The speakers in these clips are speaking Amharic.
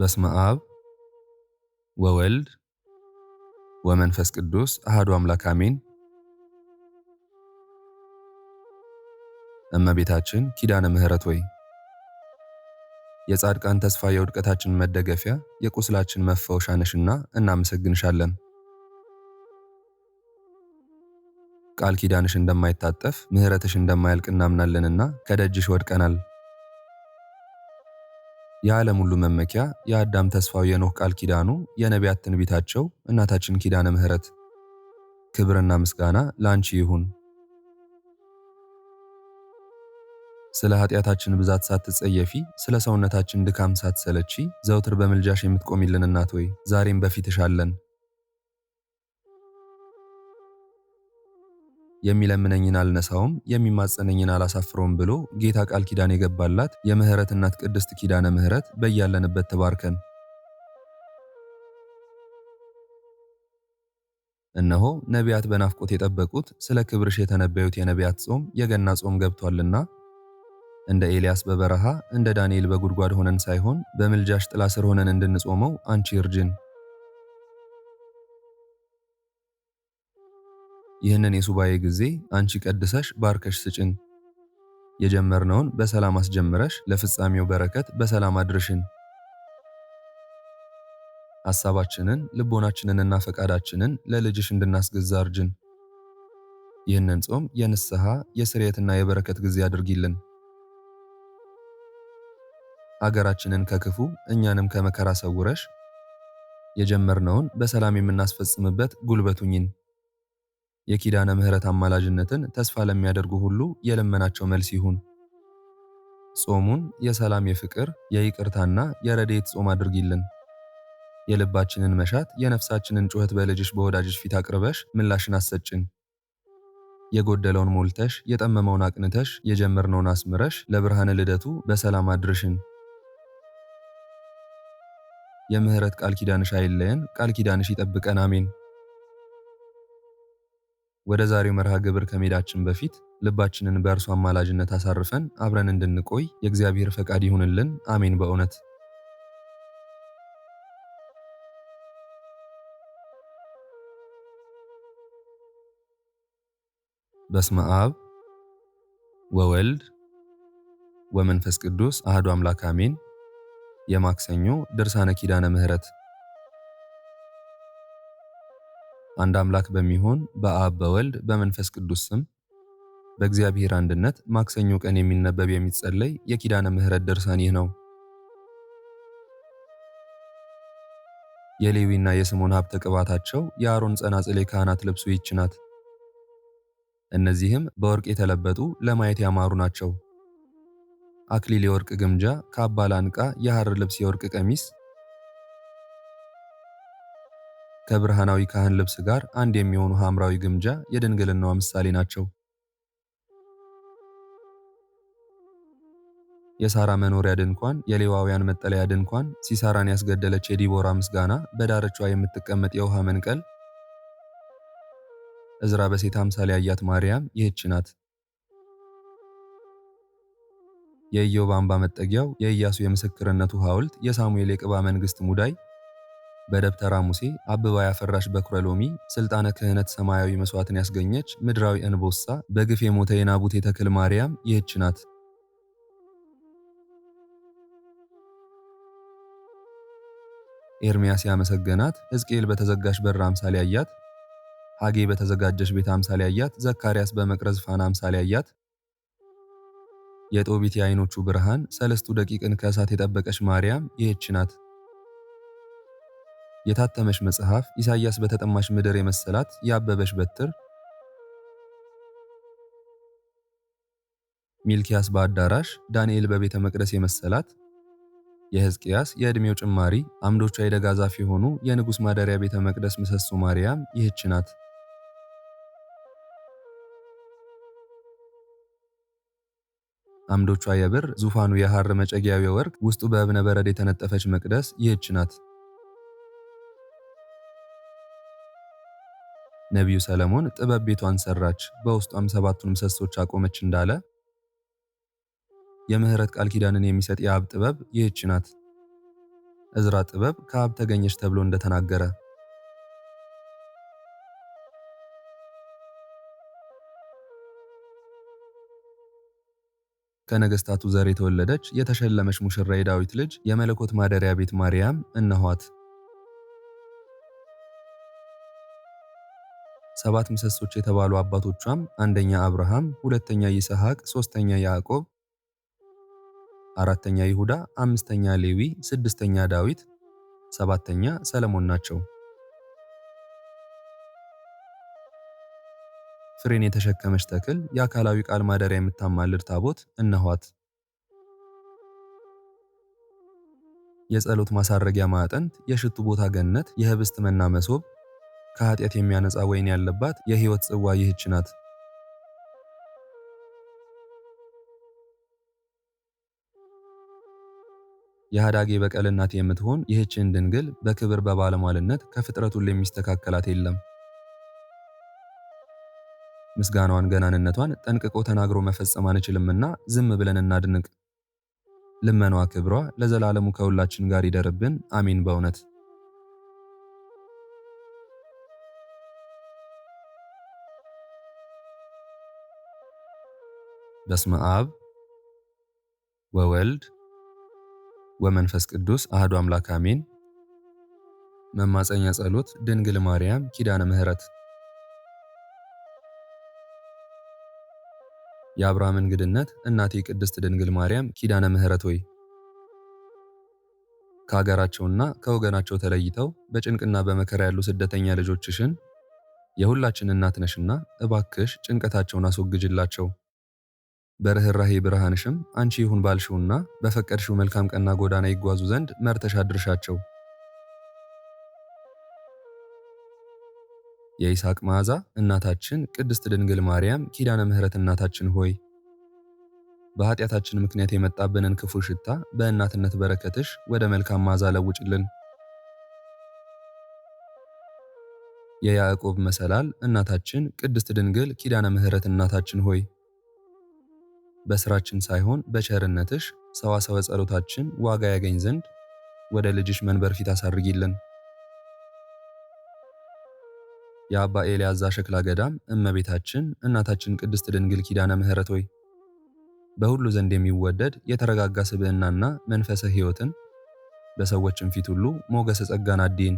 በስመ አብ ወወልድ ወመንፈስ ቅዱስ አህዱ አምላክ አሜን። እመቤታችን ኪዳነ ምሕረት ወይ የጻድቃን ተስፋ የውድቀታችን መደገፊያ የቁስላችን መፈወሻ ነሽና እናመሰግንሻለን። ቃል ኪዳንሽ እንደማይታጠፍ ምሕረትሽ እንደማያልቅ እናምናለንና ከደጅሽ ወድቀናል። የዓለም ሁሉ መመኪያ የአዳም ተስፋው የኖህ ቃል ኪዳኑ የነቢያት ትንቢታቸው እናታችን ኪዳነ ምሕረት ክብርና ምስጋና ለአንቺ ይሁን። ስለ ኃጢአታችን ብዛት ሳትጸየፊ፣ ስለ ሰውነታችን ድካም ሳትሰለቺ ዘውትር በምልጃሽ የምትቆሚልን እናት ሆይ ዛሬም በፊትሽ አለን። የሚለምነኝን አልነሳውም የሚማጸነኝን አላሳፍረውም ብሎ ጌታ ቃል ኪዳን የገባላት የምህረት እናት ቅድስት ኪዳነ ምህረት በያለንበት ትባርከን። እነሆ ነቢያት በናፍቆት የጠበቁት ስለ ክብርሽ የተነበዩት የነቢያት ጾም የገና ጾም ገብቷልና እንደ ኤልያስ በበረሃ እንደ ዳንኤል በጉድጓድ ሆነን ሳይሆን በምልጃሽ ጥላ ስር ሆነን እንድንጾመው አንቺ እርጅን። ይህንን የሱባኤ ጊዜ አንቺ ቀድሰሽ ባርከሽ ስጭን። የጀመርነውን በሰላም አስጀምረሽ ለፍጻሜው በረከት በሰላም አድርሽን። ሐሳባችንን ልቦናችንንና ፈቃዳችንን ለልጅሽ እንድናስገዛ እርጅን። ይህንን ጾም የንስሐ የስርየትና የበረከት ጊዜ አድርጊልን። አገራችንን ከክፉ እኛንም ከመከራ ሰውረሽ የጀመርነውን በሰላም የምናስፈጽምበት ጉልበቱኝን የኪዳነ ምሕረት አማላጅነትን ተስፋ ለሚያደርጉ ሁሉ የልመናቸው መልስ ይሁን። ጾሙን የሰላም የፍቅር የይቅርታና የረድኤት ጾም አድርጊልን። የልባችንን መሻት የነፍሳችንን ጩኸት በልጅሽ በወዳጅሽ ፊት አቅርበሽ ምላሽን አሰጭን። የጎደለውን ሞልተሽ የጠመመውን አቅንተሽ የጀመርነውን አስምረሽ ለብርሃነ ልደቱ በሰላም አድርሽን። የምህረት ቃል ኪዳንሽ አይለየን። ቃል ኪዳንሽ ይጠብቀን። አሜን። ወደ ዛሬው መርሃ ግብር ከመሄዳችን በፊት ልባችንን በእርሱ አማላጅነት አሳርፈን አብረን እንድንቆይ የእግዚአብሔር ፈቃድ ይሁንልን። አሜን። በእውነት በስመ አብ ወወልድ ወመንፈስ ቅዱስ አህዶ አምላክ አሜን። የማክሰኞ ድርሳነ ኪዳነ ምሕረት አንድ አምላክ በሚሆን በአብ በወልድ በመንፈስ ቅዱስ ስም በእግዚአብሔር አንድነት ማክሰኞ ቀን የሚነበብ የሚጸለይ የኪዳነ ምሕረት ድርሳን ይህ ነው። የሌዊና የስምዖን ሀብተ ቅባታቸው የአሮን ጸናጽል የካህናት ልብሱ ይች ናት። እነዚህም በወርቅ የተለበጡ ለማየት ያማሩ ናቸው። አክሊል የወርቅ ግምጃ፣ ካባ ላንቃ፣ የሐር ልብስ የወርቅ ቀሚስ ከብርሃናዊ ካህን ልብስ ጋር አንድ የሚሆኑ ሐምራዊ ግምጃ የድንግልናዋ ምሳሌ ናቸው። የሳራ መኖሪያ ድንኳን፣ የሌዋውያን መጠለያ ድንኳን፣ ሲሳራን ያስገደለች የዲቦራ ምስጋና፣ በዳርቻዋ የምትቀመጥ የውሃ መንቀል፣ እዝራ በሴት አምሳል ያያት ማርያም ይህች ናት። የኢዮብ አምባ መጠጊያው፣ የኢያሱ የምስክርነቱ ሐውልት፣ የሳሙኤል የቅባ መንግሥት ሙዳይ በደብተራ ሙሴ አበባ ያፈራሽ በኩረ ሎሚ ስልጣነ ክህነት ሰማያዊ መስዋዕትን ያስገኘች ምድራዊ እንቦሳ በግፍ የሞተ የናቡቴ ተክል ማርያም ይህች ናት። ኤርሚያስ ያመሰገናት፣ ሕዝቅኤል በተዘጋሽ በር አምሳሌ አያት፣ ሐጌ በተዘጋጀሽ ቤት አምሳሌ አያት፣ ዘካርያስ በመቅረዝ ፋና አምሳሌ አያት። የጦቢት የአይኖቹ ብርሃን ሰለስቱ ደቂቅን ከእሳት የጠበቀች ማርያም ይህች ናት። የታተመች መጽሐፍ ኢሳይያስ በተጠማች ምድር የመሰላት ያበበች በትር ሚልኪያስ በአዳራሽ ዳንኤል በቤተ መቅደስ የመሰላት የሕዝቅያስ የዕድሜው ጭማሪ አምዶቿ የደጋ ዛፍ የሆኑ የንጉሥ ማደሪያ ቤተ መቅደስ ምሰሶ ማርያም ይህች ናት። አምዶቿ የብር ዙፋኑ የሐር መጨጊያዊ ወርቅ ውስጡ በእብነ በረድ የተነጠፈች መቅደስ ይህች ናት። ነቢዩ ሰለሞን ጥበብ ቤቷን ሰራች፣ በውስጧም ሰባቱን ምሰሶች አቆመች እንዳለ የምህረት ቃል ኪዳንን የሚሰጥ የአብ ጥበብ ይህች ናት። እዝራ ጥበብ ከአብ ተገኘች ተብሎ እንደተናገረ ከነገስታቱ ዘር የተወለደች የተሸለመች ሙሽራ የዳዊት ልጅ የመለኮት ማደሪያ ቤት ማርያም እነኋት። ሰባት ምሰሶች የተባሉ አባቶቿም አንደኛ አብርሃም፣ ሁለተኛ ይስሐቅ፣ ሶስተኛ ያዕቆብ፣ አራተኛ ይሁዳ፣ አምስተኛ ሌዊ፣ ስድስተኛ ዳዊት፣ ሰባተኛ ሰለሞን ናቸው። ፍሬን የተሸከመች ተክል የአካላዊ ቃል ማደሪያ የምታማልድ ታቦት እነኋት። የጸሎት ማሳረጊያ ማዕጠንት፣ የሽቱ ቦታ ገነት፣ የህብስት መና መሶብ ከኃጢአት የሚያነጻ ወይን ያለባት የሕይወት ጽዋ ይህች ናት። የሃዳጌ በቀል እናት የምትሆን ይህችን ድንግል በክብር በባለሟልነት ከፍጥረቱ የሚስተካከላት የለም። ምስጋናዋን ገናንነቷን ጠንቅቆ ተናግሮ መፈጸም አንችልምና ዝም ብለን እናድንቅ። ልመኗ ክብሯ ለዘላለሙ ከሁላችን ጋር ይደርብን። አሚን በእውነት በስመ አብ ወወልድ ወመንፈስ ቅዱስ አህዱ አምላክ አሜን። መማፀኛ ጸሎት ድንግል ማርያም ኪዳነ ምሕረት የአብርሃም እንግድነት እናቴ ቅድስት ድንግል ማርያም ኪዳነ ምሕረት ሆይ ከሀገራቸውና ከወገናቸው ተለይተው በጭንቅና በመከራ ያሉ ስደተኛ ልጆችሽን የሁላችን እናት ነሽና እባክሽ ጭንቀታቸውን አስወግጅላቸው በርኅራሄ ብርሃንሽም አንቺ ይሁን ባልሽውና በፈቀድሽው መልካም ቀና ጎዳና ይጓዙ ዘንድ መርተሽ አድርሻቸው። የይስሐቅ መዓዛ እናታችን ቅድስት ድንግል ማርያም ኪዳነ ምሕረት እናታችን ሆይ በኃጢአታችን ምክንያት የመጣብንን ክፉ ሽታ በእናትነት በረከትሽ ወደ መልካም መዓዛ ለውጭልን። የያዕቆብ መሰላል እናታችን ቅድስት ድንግል ኪዳነ ምሕረት እናታችን ሆይ በስራችን ሳይሆን በቸርነትሽ ሰዋሰወ ጸሎታችን ዋጋ ያገኝ ዘንድ ወደ ልጅሽ መንበር ፊት አሳርጊልን። የአባ ኤልያዛ ሸክላ ገዳም እመቤታችን እናታችን ቅድስት ድንግል ኪዳነ ምሕረት ሆይ በሁሉ ዘንድ የሚወደድ የተረጋጋ ስብዕናና መንፈሰ ሕይወትን በሰዎችም ፊት ሁሉ ሞገሰ ጸጋን አዲን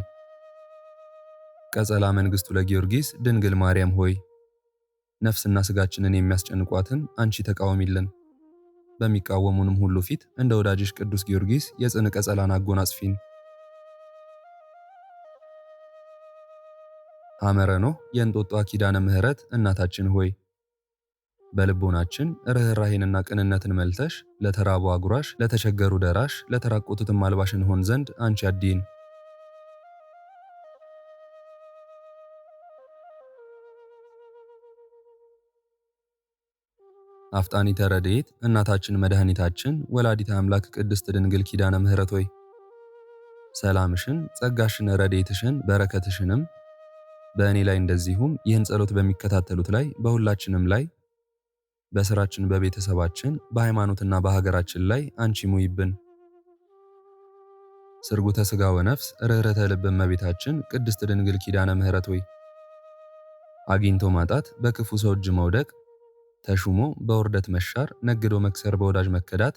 ቀጸላ መንግስቱ ለጊዮርጊስ ድንግል ማርያም ሆይ ነፍስና ስጋችንን የሚያስጨንቋትን አንቺ ተቃወሚልን። በሚቃወሙንም ሁሉ ፊት እንደ ወዳጅሽ ቅዱስ ጊዮርጊስ የጽንቀ ጸላን አጎናጽፊን። ሐመረ ኖህ የእንጦጧ ኪዳነ ምሕረት እናታችን ሆይ በልቦናችን ርኅራሄንና ቅንነትን መልተሽ ለተራቡ አጉራሽ፣ ለተቸገሩ ደራሽ፣ ለተራቆቱትም አልባሽ እንሆን ዘንድ አንቺ አዲን አፍጣኒተ ረድኤት እናታችን መድኃኒታችን ወላዲተ አምላክ ቅድስት ድንግል ኪዳነ ምሕረት ሆይ ሰላምሽን፣ ጸጋሽን፣ ረድኤትሽን በረከትሽንም በእኔ ላይ እንደዚሁም ይህን ጸሎት በሚከታተሉት ላይ በሁላችንም ላይ በስራችን፣ በቤተሰባችን፣ በሃይማኖትና በሀገራችን ላይ አንቺ ሙይብን። ስርጉተ ሥጋ ወነፍስ ርኅረተ ልብ እመቤታችን ቅድስት ድንግል ኪዳነ ምሕረት ሆይ አግኝቶ ማጣት፣ በክፉ ሰው እጅ መውደቅ፣ ተሹሞ በውርደት መሻር፣ ነግዶ መክሰር፣ በወዳጅ መከዳት፣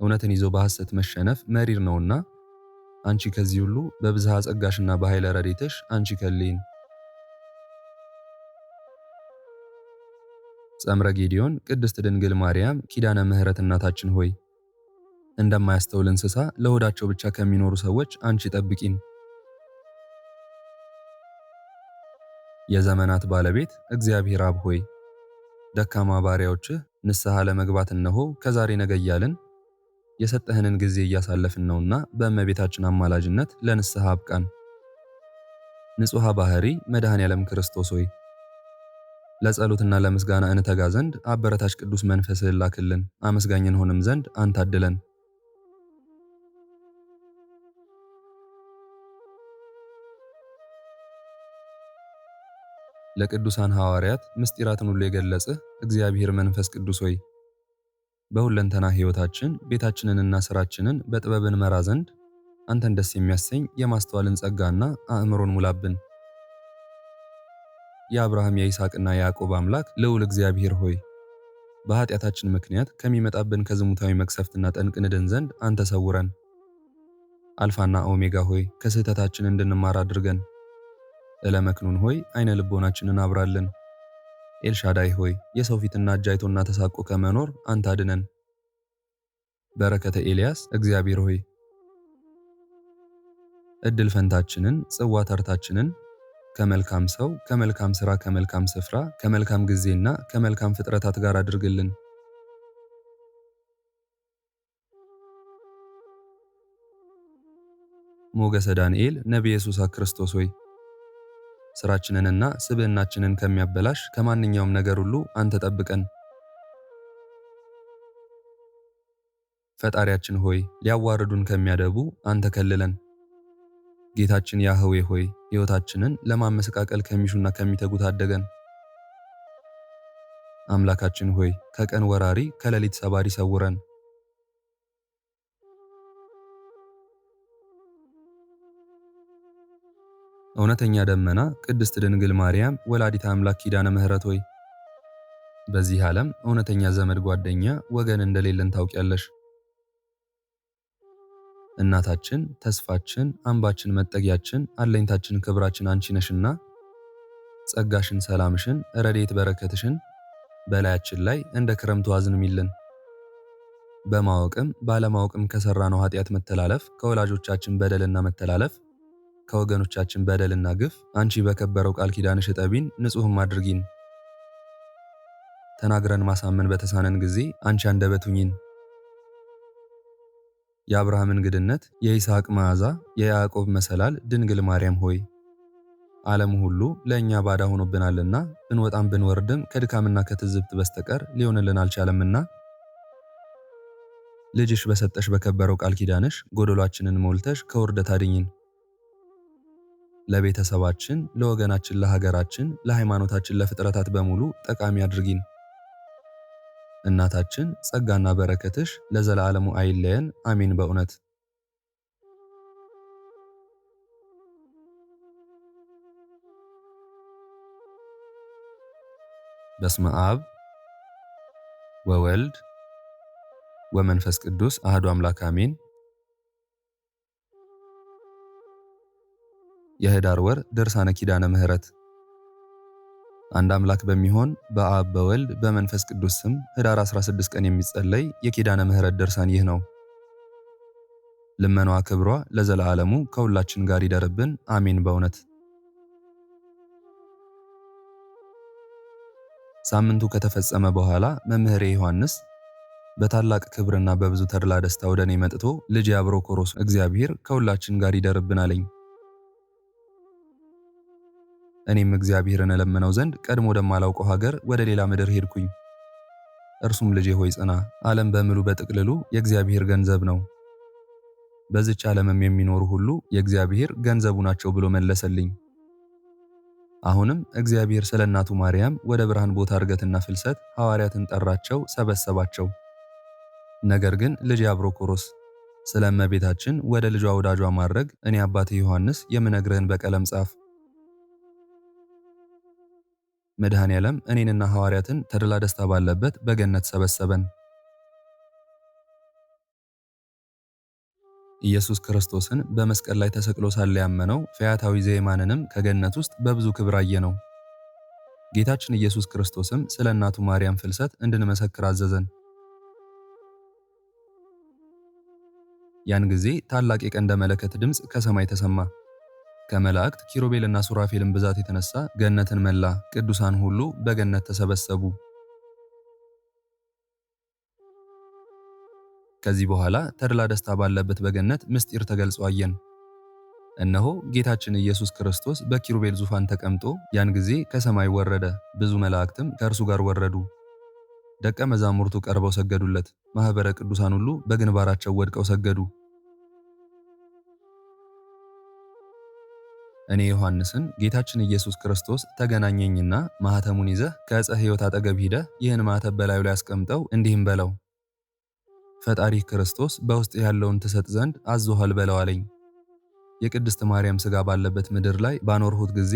እውነትን ይዞ በሐሰት መሸነፍ መሪር ነውና አንቺ ከዚህ ሁሉ በብዝሃ ጸጋሽና በኃይለ ረዴትሽ አንቺ ከሌን። ጸምረ ጌዲዮን ቅድስት ድንግል ማርያም ኪዳነ ምሕረት እናታችን ሆይ እንደማያስተውል እንስሳ ለሆዳቸው ብቻ ከሚኖሩ ሰዎች አንቺ ጠብቂን። የዘመናት ባለቤት እግዚአብሔር አብ ሆይ ደካማ ባሪያዎችህ ንስሐ ለመግባት እነሆ ከዛሬ ነገ እያልን የሰጠህንን ጊዜ እያሳለፍን ነውና በእመቤታችን አማላጅነት ለንስሐ አብቃን። ንጹሐ ባህሪ መድኃኔ ዓለም ክርስቶስ ሆይ ለጸሎትና ለምስጋና እንተጋ ዘንድ አበረታች ቅዱስ መንፈስህ ላክልን። አመስጋኝ እንሆንም ዘንድ አንተ አድለን። ለቅዱሳን ሐዋርያት ምስጢራትን ሁሉ የገለጽህ እግዚአብሔር መንፈስ ቅዱስ ሆይ በሁለንተና ሕይወታችን ቤታችንንና ሥራችንን በጥበብን መራ ዘንድ አንተን ደስ የሚያሰኝ የማስተዋልን ጸጋና አእምሮን ሙላብን። የአብርሃም የይስሐቅና የያዕቆብ አምላክ ልዑል እግዚአብሔር ሆይ በኃጢአታችን ምክንያት ከሚመጣብን ከዝሙታዊ መቅሰፍትና ጠንቅ ንድን ዘንድ አንተ ሰውረን። አልፋና ኦሜጋ ሆይ ከስህተታችን እንድንማር አድርገን እለመክኑን ሆይ አይነ ልቦናችንን አብራለን። ኤልሻዳይ ሆይ የሰው ፊትና እጅ አይቶና ተሳቆ ከመኖር አንተ አድነን። በረከተ ኤልያስ እግዚአብሔር ሆይ እድል ፈንታችንን ጽዋ ተርታችንን ከመልካም ሰው ከመልካም ሥራ ከመልካም ስፍራ ከመልካም ጊዜና ከመልካም ፍጥረታት ጋር አድርግልን። ሞገሰ ዳንኤል ነቢየ ኢየሱስ ክርስቶስ ሆይ ስራችንንና ስብዕናችንን ከሚያበላሽ ከማንኛውም ነገር ሁሉ አንተ ጠብቀን። ፈጣሪያችን ሆይ ሊያዋርዱን ከሚያደቡ አንተ ከልለን። ጌታችን ያህዌ ሆይ ሕይወታችንን ለማመሰቃቀል ከሚሹና ከሚተጉት አደገን። አምላካችን ሆይ ከቀን ወራሪ ከሌሊት ሰባሪ ሰውረን። እውነተኛ ደመና ቅድስት ድንግል ማርያም ወላዲት አምላክ ኪዳነ ምሕረት ሆይ በዚህ ዓለም እውነተኛ ዘመድ ጓደኛ ወገን እንደሌለን ታውቂያለሽ። እናታችን፣ ተስፋችን፣ አምባችን፣ መጠጊያችን፣ አለኝታችን፣ ክብራችን አንቺ ነሽና ጸጋሽን፣ ሰላምሽን፣ ረዴት በረከትሽን በላያችን ላይ እንደ ክረምቱ አዝንሚልን። በማወቅም ባለማወቅም ከሰራነው ኃጢአት መተላለፍ ከወላጆቻችን በደልና መተላለፍ ከወገኖቻችን በደልና ግፍ አንቺ በከበረው ቃል ኪዳንሽ እጠቢን ንጹሕም አድርጊን። ተናግረን ማሳመን በተሳነን ጊዜ አንቺ አንደበቱኝን። የአብርሃም እንግድነት፣ የይስሐቅ መዓዛ፣ የያዕቆብ መሰላል ድንግል ማርያም ሆይ ዓለሙ ሁሉ ለእኛ ባዳ ሆኖብናልና ብንወጣም ብንወርድም ከድካምና ከትዝብት በስተቀር ሊሆንልን አልቻለምና ልጅሽ በሰጠሽ በከበረው ቃል ኪዳንሽ ጎደሏችንን ሞልተሽ ከውርደት አድኝን። ለቤተሰባችን፣ ለወገናችን፣ ለሀገራችን፣ ለሃይማኖታችን፣ ለፍጥረታት በሙሉ ጠቃሚ አድርጊን። እናታችን ጸጋና በረከትሽ ለዘላለሙ አይለየን፣ አሚን። በእውነት በስመ አብ ወወልድ ወመንፈስ ቅዱስ አህዱ አምላክ አሚን። የህዳር ወር ድርሳነ ኪዳነ ምህረት አንድ አምላክ በሚሆን በአብ በወልድ በመንፈስ ቅዱስ ስም ህዳር 16 ቀን የሚጸለይ የኪዳነ ምህረት ድርሳን ይህ ነው። ልመኗ ክብሯ ለዘላለሙ ከሁላችን ጋር ይደርብን፣ አሜን። በእውነት ሳምንቱ ከተፈጸመ በኋላ መምህሬ ዮሐንስ በታላቅ ክብርና በብዙ ተድላ ደስታ ወደ እኔ መጥቶ ልጅ አብሮኮሮስ እግዚአብሔር ከሁላችን ጋር ይደርብን አለኝ። እኔም እግዚአብሔርን እለምነው ዘንድ ቀድሞ ወደማላውቀው ሀገር ወደ ሌላ ምድር ሄድኩኝ። እርሱም ልጄ ሆይ ጽና፣ ዓለም በምሉ በጥቅልሉ የእግዚአብሔር ገንዘብ ነው፣ በዚች ዓለምም የሚኖሩ ሁሉ የእግዚአብሔር ገንዘቡ ናቸው ብሎ መለሰልኝ። አሁንም እግዚአብሔር ስለ እናቱ ማርያም ወደ ብርሃን ቦታ እርገትና ፍልሰት ሐዋርያትን ጠራቸው፣ ሰበሰባቸው። ነገር ግን ልጄ አብሮኮሮስ ስለ እመቤታችን ወደ ልጇ ወዳጇ ማድረግ እኔ አባቴ ዮሐንስ የምነግርህን በቀለም ጻፍ መድኃኔ ዓለም እኔንና ሐዋርያትን ተድላ ደስታ ባለበት በገነት ሰበሰበን። ኢየሱስ ክርስቶስን በመስቀል ላይ ተሰቅሎ ሳለ ያመነው ፈያታዊ ዘየማንንም ከገነት ውስጥ በብዙ ክብር አየነው። ጌታችን ኢየሱስ ክርስቶስም ስለ እናቱ ማርያም ፍልሰት እንድንመሰክር አዘዘን። ያን ጊዜ ታላቅ የቀንደ መለከት ድምፅ ከሰማይ ተሰማ። ከመላእክት ኪሩቤልና ሱራፌልን ብዛት የተነሳ ገነትን መላ። ቅዱሳን ሁሉ በገነት ተሰበሰቡ። ከዚህ በኋላ ተድላ ደስታ ባለበት በገነት ምስጢር ተገልጾ አየን። እነሆ ጌታችን ኢየሱስ ክርስቶስ በኪሩቤል ዙፋን ተቀምጦ ያን ጊዜ ከሰማይ ወረደ፣ ብዙ መላእክትም ከእርሱ ጋር ወረዱ። ደቀ መዛሙርቱ ቀርበው ሰገዱለት። ማኅበረ ቅዱሳን ሁሉ በግንባራቸው ወድቀው ሰገዱ። እኔ ዮሐንስን ጌታችን ኢየሱስ ክርስቶስ ተገናኘኝና ማኅተሙን ይዘህ ከዕፀ ሕይወት አጠገብ ሂደህ ይህን ማኅተብ በላዩ ላይ አስቀምጠው እንዲህም በለው ፈጣሪ ክርስቶስ በውስጥ ያለውን ትሰጥ ዘንድ አዞሃል በለው አለኝ። የቅድስት ማርያም ሥጋ ባለበት ምድር ላይ ባኖርሁት ጊዜ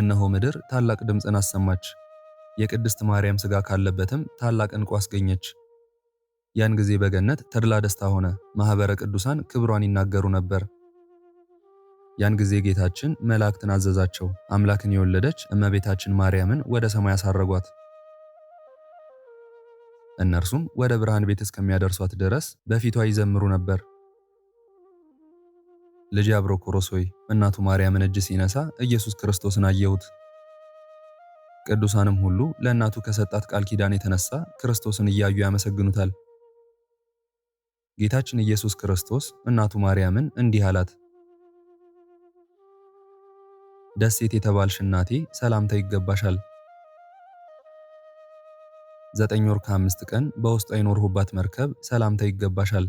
እነሆ ምድር ታላቅ ድምፅን አሰማች። የቅድስት ማርያም ሥጋ ካለበትም ታላቅ እንቁ አስገኘች። ያን ጊዜ በገነት ተድላ ደስታ ሆነ። ማኅበረ ቅዱሳን ክብሯን ይናገሩ ነበር። ያን ጊዜ ጌታችን መላእክትን አዘዛቸው። አምላክን የወለደች እመቤታችን ማርያምን ወደ ሰማይ አሳረጓት። እነርሱም ወደ ብርሃን ቤት እስከሚያደርሷት ድረስ በፊቷ ይዘምሩ ነበር። ልጅ አብሮኮሮስ ሆይ እናቱ ማርያምን እጅ ሲነሳ ኢየሱስ ክርስቶስን አየሁት። ቅዱሳንም ሁሉ ለእናቱ ከሰጣት ቃል ኪዳን የተነሳ ክርስቶስን እያዩ ያመሰግኑታል። ጌታችን ኢየሱስ ክርስቶስ እናቱ ማርያምን እንዲህ አላት። ደሴት የተባልሽ እናቴ ሰላምታ ይገባሻል። ዘጠኝ ወር ከአምስት ቀን በውስጥ የኖርሁባት መርከብ ሰላምታ ይገባሻል።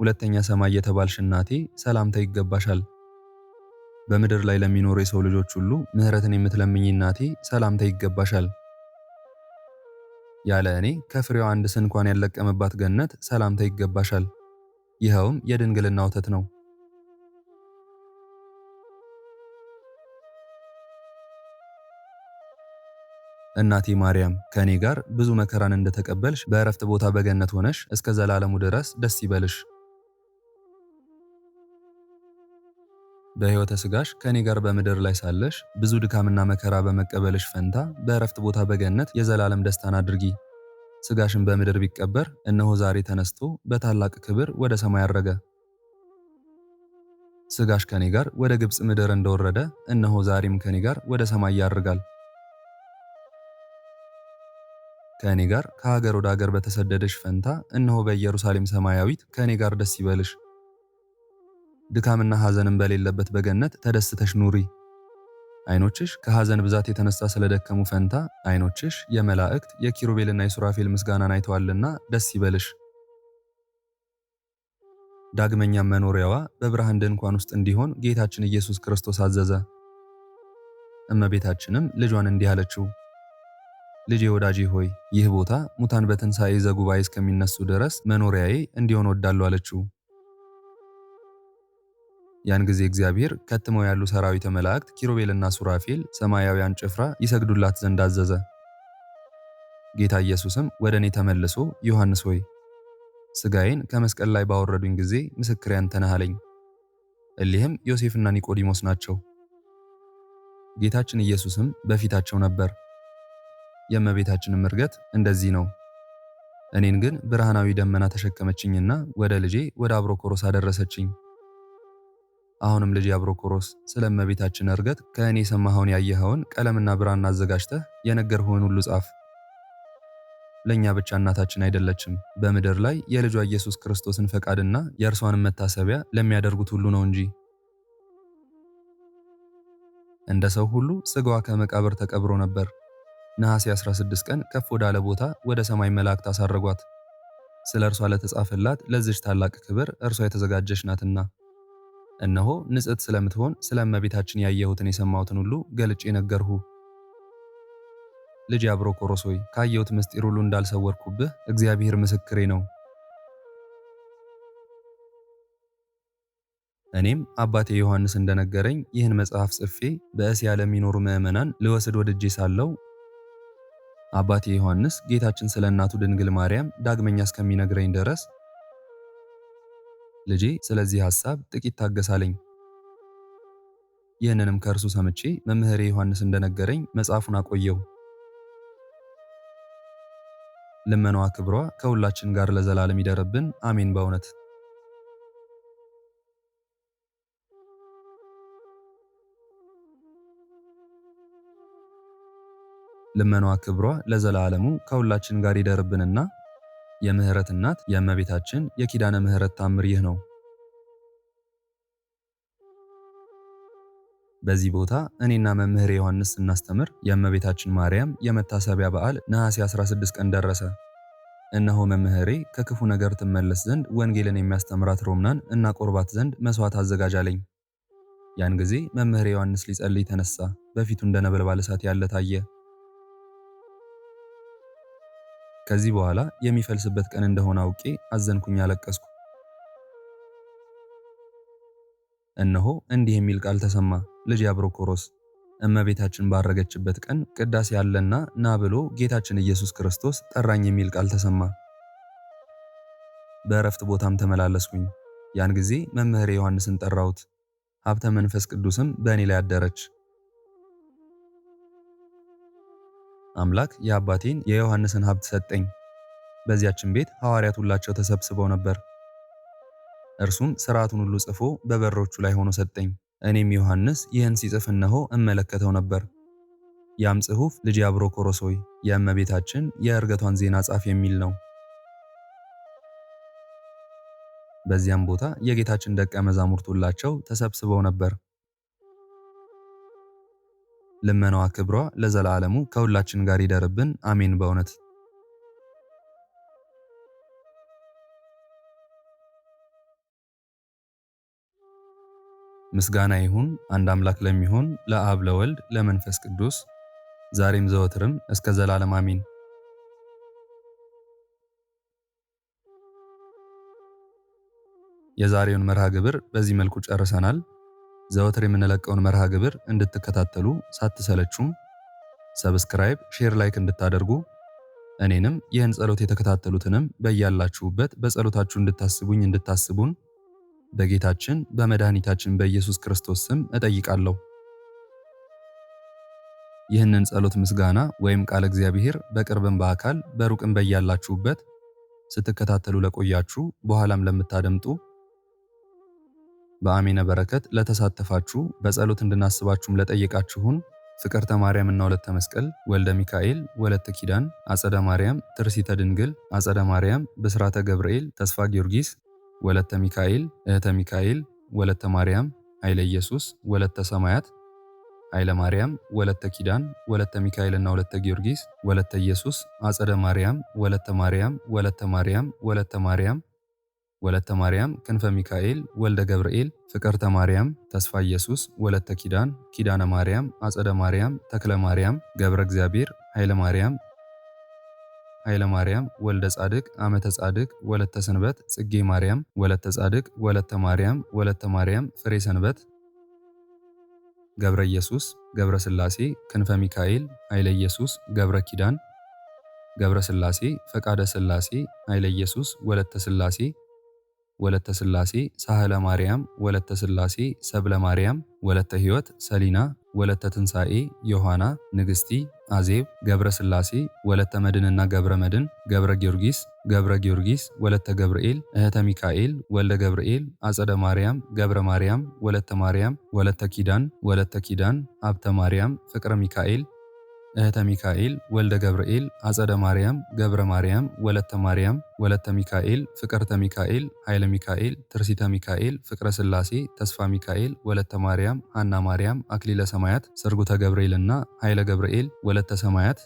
ሁለተኛ ሰማይ የተባልሽ እናቴ ሰላምታ ይገባሻል። በምድር ላይ ለሚኖሩ የሰው ልጆች ሁሉ ምሕረትን የምትለምኝ እናቴ ሰላምታ ይገባሻል። ያለ እኔ ከፍሬዋ አንድ ስንኳን ያለቀመባት ገነት ሰላምታ ይገባሻል። ይኸውም የድንግልና ወተት ነው። እናቴ ማርያም ከእኔ ጋር ብዙ መከራን እንደተቀበልሽ በእረፍት ቦታ በገነት ሆነሽ እስከ ዘላለሙ ድረስ ደስ ይበልሽ። በሕይወተ ሥጋሽ ከእኔ ጋር በምድር ላይ ሳለሽ ብዙ ድካምና መከራ በመቀበልሽ ፈንታ በእረፍት ቦታ በገነት የዘላለም ደስታን አድርጊ። ሥጋሽን በምድር ቢቀበር እነሆ ዛሬ ተነስቶ በታላቅ ክብር ወደ ሰማይ አረገ። ሥጋሽ ከእኔ ጋር ወደ ግብፅ ምድር እንደወረደ እነሆ ዛሬም ከእኔ ጋር ወደ ሰማይ ያርጋል። ከእኔ ጋር ከሀገር ወደ ሀገር በተሰደደሽ ፈንታ እነሆ በኢየሩሳሌም ሰማያዊት ከእኔ ጋር ደስ ይበልሽ። ድካምና ሐዘንም በሌለበት በገነት ተደስተሽ ኑሪ። አይኖችሽ ከሐዘን ብዛት የተነሳ ስለደከሙ ፈንታ አይኖችሽ የመላእክት የኪሩቤልና የሱራፌል ምስጋናን አይተዋልና ደስ ይበልሽ። ዳግመኛም መኖሪያዋ በብርሃን ድንኳን ውስጥ እንዲሆን ጌታችን ኢየሱስ ክርስቶስ አዘዘ። እመቤታችንም ልጇን እንዲህ አለችው ልጄ ወዳጄ ሆይ ይህ ቦታ ሙታን በትንሣኤ ዘጉባኤ እስከሚነሱ ድረስ መኖሪያዬ እንዲሆን ወዳሉ አለችው። ያን ጊዜ እግዚአብሔር ከትመው ያሉ ሰራዊተ መላእክት ኪሩቤልና ሱራፌል ሰማያውያን ጭፍራ ይሰግዱላት ዘንድ አዘዘ። ጌታ ኢየሱስም ወደ እኔ ተመልሶ ዮሐንስ ሆይ ሥጋዬን ከመስቀል ላይ ባወረዱኝ ጊዜ ምስክር አንተ ነህ አለኝ። እሊህም ዮሴፍና ኒቆዲሞስ ናቸው። ጌታችን ኢየሱስም በፊታቸው ነበር። የእመቤታችንም እርገት እንደዚህ ነው። እኔን ግን ብርሃናዊ ደመና ተሸከመችኝና ወደ ልጄ ወደ አብሮኮሮስ አደረሰችኝ። አሁንም ልጄ አብሮኮሮስ ስለ እመቤታችን እርገት ከእኔ የሰማኸውን ያየኸውን ቀለምና ብራና አዘጋጅተህ የነገርሁህን ሁሉ ጻፍ። ለእኛ ብቻ እናታችን አይደለችም፣ በምድር ላይ የልጇ ኢየሱስ ክርስቶስን ፈቃድና የእርሷንም መታሰቢያ ለሚያደርጉት ሁሉ ነው እንጂ። እንደ ሰው ሁሉ ስጋዋ ከመቃብር ተቀብሮ ነበር። ነሐሴ 16 ቀን ከፍ ወዳለ ቦታ ወደ ሰማይ መላእክት አሳረጓት። ስለ እርሷ ለተጻፈላት ለዚች ታላቅ ክብር እርሷ የተዘጋጀች ናትና እነሆ ንጽሕት ስለምትሆን ስለ እመቤታችን ያየሁትን የሰማሁትን ሁሉ ገልጬ ነገርሁ። ልጅ አብሮኮሮስ ሆይ ካየሁት ምስጢር ሁሉ እንዳልሰወርኩብህ እግዚአብሔር ምስክሬ ነው። እኔም አባቴ ዮሐንስ እንደነገረኝ ይህን መጽሐፍ ጽፌ በእስያ ለሚኖሩ ምዕመናን ልወስድ ወድጄ ሳለው አባቴ ዮሐንስ ጌታችን ስለ እናቱ ድንግል ማርያም ዳግመኛ እስከሚነግረኝ ድረስ ልጄ ስለዚህ ሐሳብ ጥቂት ታገሳለኝ። ይህንንም ከእርሱ ሰምቼ መምህሬ ዮሐንስ እንደነገረኝ መጽሐፉን አቆየው። ልመናዋ ክብሯ ከሁላችን ጋር ለዘላለም ይደርብን፣ አሜን በእውነት ልመኗ ክብሯ ለዘላለሙ ከሁላችን ጋር ይደርብንና የምህረት እናት የእመቤታችን የኪዳነ ምህረት ታምር ይህ ነው። በዚህ ቦታ እኔና መምህር ዮሐንስ ስናስተምር የእመቤታችን ማርያም የመታሰቢያ በዓል ነሐሴ 16 ቀን ደረሰ። እነሆ መምህሬ ከክፉ ነገር ትመለስ ዘንድ ወንጌልን የሚያስተምራት ሮምናን እናቆርባት ዘንድ መስዋዕት አዘጋጃለኝ። ያን ጊዜ መምህር ዮሐንስ ሊጸልይ ተነሳ። በፊቱ እንደ ነበልባል እሳት ያለ ታየ። ከዚህ በኋላ የሚፈልስበት ቀን እንደሆነ አውቄ አዘንኩኝ፣ አለቀስኩ። እነሆ እንዲህ የሚል ቃል ተሰማ። ልጅ አብሮኮሮስ እመቤታችን ባረገችበት ቀን ቅዳሴ ያለና ና ብሎ ጌታችን ኢየሱስ ክርስቶስ ጠራኝ የሚል ቃል ተሰማ። በእረፍት ቦታም ተመላለስኩኝ። ያን ጊዜ መምህር ዮሐንስን ጠራሁት። ሀብተ መንፈስ ቅዱስም በእኔ ላይ አደረች። አምላክ የአባቴን የዮሐንስን ሀብት ሰጠኝ። በዚያችን ቤት ሐዋርያት ሁላቸው ተሰብስበው ነበር። እርሱም ሥርዓቱን ሁሉ ጽፎ በበሮቹ ላይ ሆኖ ሰጠኝ። እኔም ዮሐንስ ይህን ሲጽፍ እነሆ እመለከተው ነበር። ያም ጽሑፍ ልጅ አብሮኮሮስ ሆይ የእመቤታችን የእርገቷን ዜና ጻፍ የሚል ነው። በዚያም ቦታ የጌታችን ደቀ መዛሙርት ሁላቸው ተሰብስበው ነበር። ልመናዋ ክብሯ ለዘላለሙ ከሁላችን ጋር ይደርብን፣ አሜን። በእውነት ምስጋና ይሁን አንድ አምላክ ለሚሆን ለአብ ለወልድ ለመንፈስ ቅዱስ ዛሬም ዘወትርም እስከ ዘላለም አሜን። የዛሬውን መርሃ ግብር በዚህ መልኩ ጨርሰናል። ዘወትር የምንለቀውን መርሃ ግብር እንድትከታተሉ ሳትሰለችም ሰብስክራይብ፣ ሼር፣ ላይክ እንድታደርጉ እኔንም ይህን ጸሎት የተከታተሉትንም በያላችሁበት በጸሎታችሁ እንድታስቡኝ እንድታስቡን በጌታችን በመድኃኒታችን በኢየሱስ ክርስቶስ ስም እጠይቃለሁ። ይህንን ጸሎት ምስጋና ወይም ቃል እግዚአብሔር በቅርብም በአካል በሩቅም በያላችሁበት ስትከታተሉ ለቆያችሁ በኋላም ለምታደምጡ በአሜነ በረከት ለተሳተፋችሁ በጸሎት እንድናስባችሁም ለጠየቃችሁን ፍቅርተ ማርያም እና ወለተ መስቀል ወልደ ሚካኤል ወለተ ኪዳን አጸደ ማርያም ትርሲተ ድንግል አጸደ ማርያም ብስራተ ገብርኤል ተስፋ ጊዮርጊስ ወለተ ሚካኤል እህተ ሚካኤል ወለተ ማርያም ኃይለ ኢየሱስ ወለተ ሰማያት ኃይለ ማርያም ወለተ ኪዳን ወለተ ሚካኤል እና ወለተ ጊዮርጊስ ወለተ ኢየሱስ አጸደ ማርያም ወለተ ማርያም ወለተ ማርያም ወለተ ማርያም ወለተ ማርያም፣ ክንፈ ሚካኤል፣ ወልደ ገብርኤል፣ ፍቅርተ ማርያም፣ ተስፋ ኢየሱስ፣ ወለተ ኪዳን፣ ኪዳነ ማርያም፣ አጸደ ማርያም፣ ተክለ ማርያም፣ ገብረ እግዚአብሔር፣ ኃይለ ማርያም ኃይለ ማርያም ወልደ ጻድቅ አመተ ጻድቅ ወለተ ሰንበት ጽጌ ማርያም ወለተ ጻድቅ ወለተ ማርያም ወለተ ማርያም ፍሬ ሰንበት ገብረ ኢየሱስ ገብረ ስላሴ፣ ክንፈ ሚካኤል ኃይለ ኢየሱስ ገብረ ኪዳን ገብረ ስላሴ፣ ፈቃደ ስላሴ ኃይለ ኢየሱስ ወለተ ስላሴ። ወለተ ስላሴ ሳህለ ማርያም ወለተ ስላሴ ሰብለ ማርያም ወለተ ህይወት ሰሊና ወለተ ትንሣኤ፣ ዮሐና ንግሥቲ፣ አዜብ ገብረ ስላሴ ወለተ መድንና ገብረ መድን፣ ገብረ ጊዮርጊስ ገብረ ጊዮርጊስ ወለተ ገብርኤል፣ እህተ ሚካኤል ወልደ ገብርኤል፣ አጸደ ማርያም ገብረ ማርያም ወለተ ማርያም ወለተ ኪዳን ወለተ ኪዳን፣ ሀብተ ማርያም ፍቅረ ሚካኤል እህተ ሚካኤል ወልደ ገብርኤል አጸደ ማርያም ገብረ ማርያም ወለተ ማርያም ወለተ ሚካኤል ፍቅርተ ሚካኤል ኃይለ ሚካኤል ትርሲተ ሚካኤል ፍቅረ ስላሴ ተስፋ ሚካኤል ወለተ ማርያም ሐና ማርያም አክሊለ ሰማያት ስርጉተ እና ኃይለ ገብርኤል ወለተ ሰማያት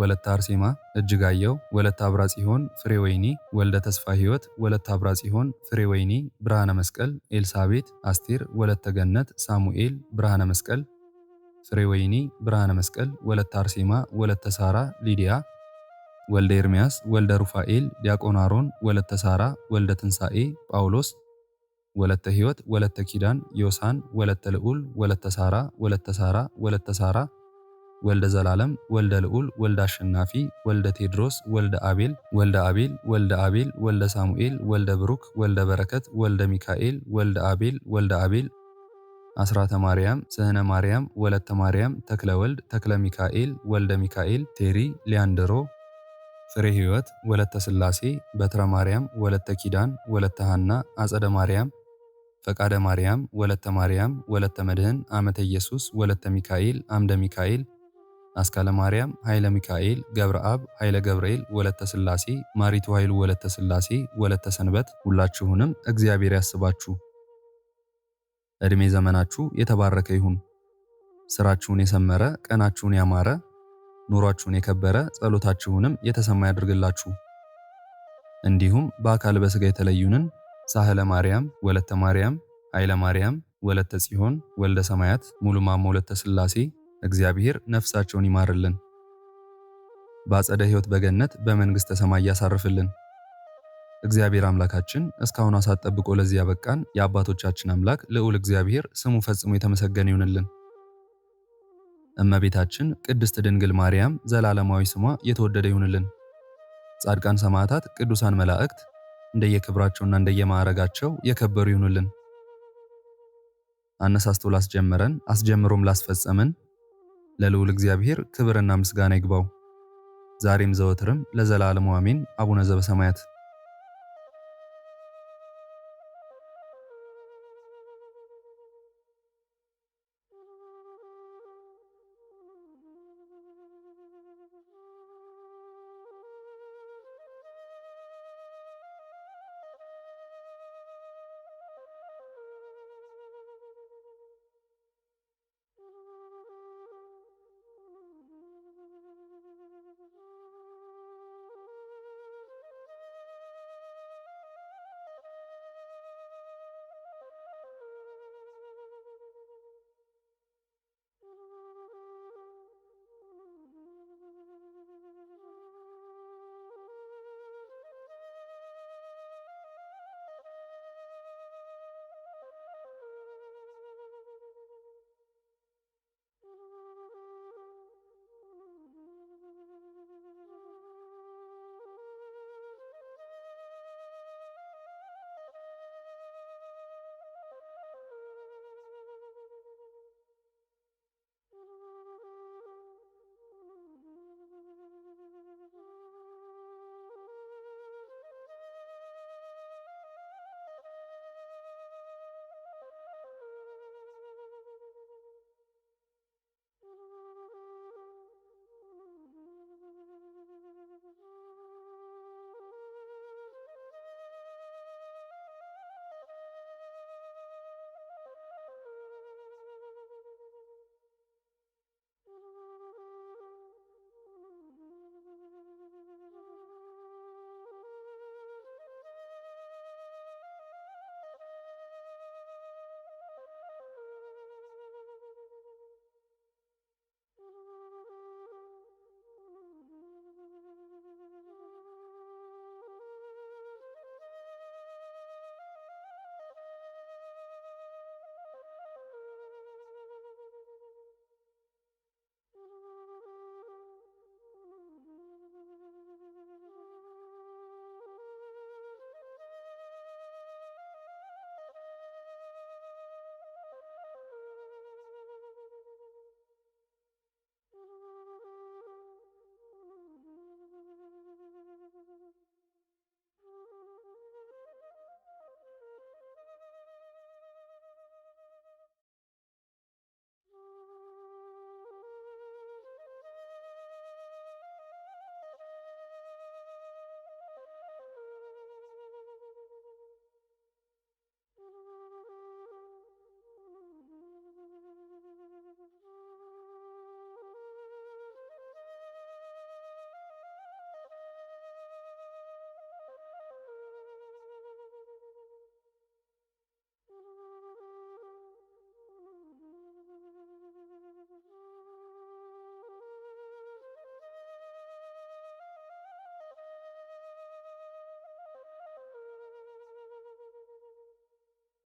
ወለተ አርሴማ እጅጋየው ወለተ አብራ ጽዮን ፍሬ ወይኒ ወልደ ተስፋ ህይወት ወለተ አብራ ጽዮን ፍሬ ወይኒ ብርሃነ መስቀል ኤልሳቤት አስቴር ወለተ ገነት ሳሙኤል ብርሃነ መስቀል ፍሬ ወይኒ፣ ብርሃነ መስቀል፣ ወለተ አርሴማ፣ ወለተ ሳራ፣ ሊዲያ፣ ወልደ ኤርምያስ፣ ወልደ ሩፋኤል፣ ዲያቆን አሮን፣ ወለተ ሳራ፣ ወልደ ትንሣኤ፣ ጳውሎስ፣ ወለተ ሕይወት፣ ወለተ ኪዳን፣ ዮሳን፣ ወለተ ልዑል፣ ወለተ ሳራ፣ ወለተ ሳራ፣ ወለተ ሳራ፣ ወልደ ዘላለም፣ ወልደ ልዑል፣ ወልደ አሸናፊ፣ ወልደ ቴድሮስ፣ ወልደ አቤል፣ ወልደ አቤል፣ ወልደ አቤል፣ ወልደ ሳሙኤል፣ ወልደ ብሩክ፣ ወልደ በረከት፣ ወልደ ሚካኤል፣ ወልደ አቤል፣ ወልደ አቤል፣ አስራተ ማርያም፣ ስህነ ማርያም፣ ወለተ ማርያም፣ ተክለ ወልድ፣ ተክለ ሚካኤል፣ ወልደ ሚካኤል፣ ቴሪ፣ ሊያንደሮ ፍሬ ህይወት ወለተ ስላሴ፣ በትረ ማርያም፣ ወለተ ኪዳን፣ ወለተ ሃና፣ አጸደ ማርያም፣ ፈቃደ ማርያም፣ ወለተ ማርያም፣ ወለተ መድህን፣ አመተ ኢየሱስ፣ ወለተ ሚካኤል፣ አምደ ሚካኤል፣ አስካለ ማርያም፣ ኃይለ ሚካኤል፣ ገብረ አብ፣ ኃይለ ገብርኤል፣ ወለተ ስላሴ፣ ማሪቱ ኃይሉ፣ ወለተ ስላሴ፣ ወለተ ሰንበት፣ ሁላችሁንም እግዚአብሔር ያስባችሁ። እድሜ ዘመናችሁ የተባረከ ይሁን። ስራችሁን የሰመረ፣ ቀናችሁን ያማረ፣ ኑሯችሁን የከበረ፣ ጸሎታችሁንም የተሰማ ያድርግላችሁ። እንዲሁም በአካል በስጋ የተለዩንን ሳህለ ማርያም፣ ወለተ ማርያም፣ ኃይለ ማርያም፣ ወለተ ጽዮን፣ ወልደ ሰማያት፣ ሙሉ ማሞ፣ ወለተ ስላሴ እግዚአብሔር ነፍሳቸውን ይማርልን፣ በአጸደ ሕይወት በገነት በመንግሥተ ሰማይ ያሳርፍልን። እግዚአብሔር አምላካችን እስካሁን አሳት ጠብቆ ለዚህ ያበቃን የአባቶቻችን አምላክ ልዑል እግዚአብሔር ስሙ ፈጽሞ የተመሰገነ ይሁንልን። እመቤታችን ቅድስት ድንግል ማርያም ዘላለማዊ ስሟ የተወደደ ይሁንልን። ጻድቃን ሰማዕታት፣ ቅዱሳን መላእክት እንደየክብራቸውና እንደየማዕረጋቸው የከበሩ ይሁንልን። አነሳስቶ ላስጀመረን አስጀምሮም ላስፈጸመን ለልዑል እግዚአብሔር ክብርና ምስጋና ይግባው ዛሬም ዘወትርም ለዘላለሙ አሜን። አቡነ ዘበሰማያት